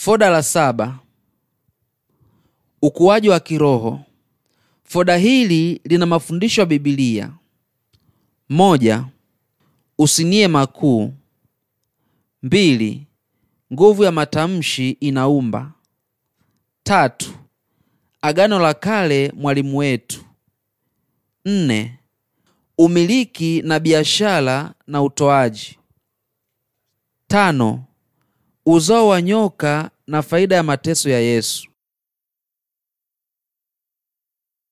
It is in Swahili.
Foda la saba: ukuaji wa kiroho. Foda hili lina mafundisho ya Biblia: moja, usinie makuu; mbili, nguvu ya matamshi inaumba; tatu, agano la kale mwalimu wetu; nne, umiliki na biashara na utoaji; tano, uzao wa nyoka na faida ya mateso ya Yesu.